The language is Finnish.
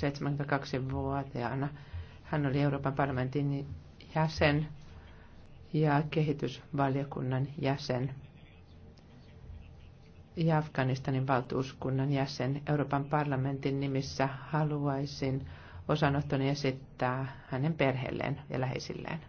72-vuotiaana. Hän oli Euroopan parlamentin jäsen ja kehitysvaliokunnan jäsen ja Afganistanin valtuuskunnan jäsen. Euroopan parlamentin nimissä haluaisin osanottoni esittää hänen perheelleen ja läheisilleen.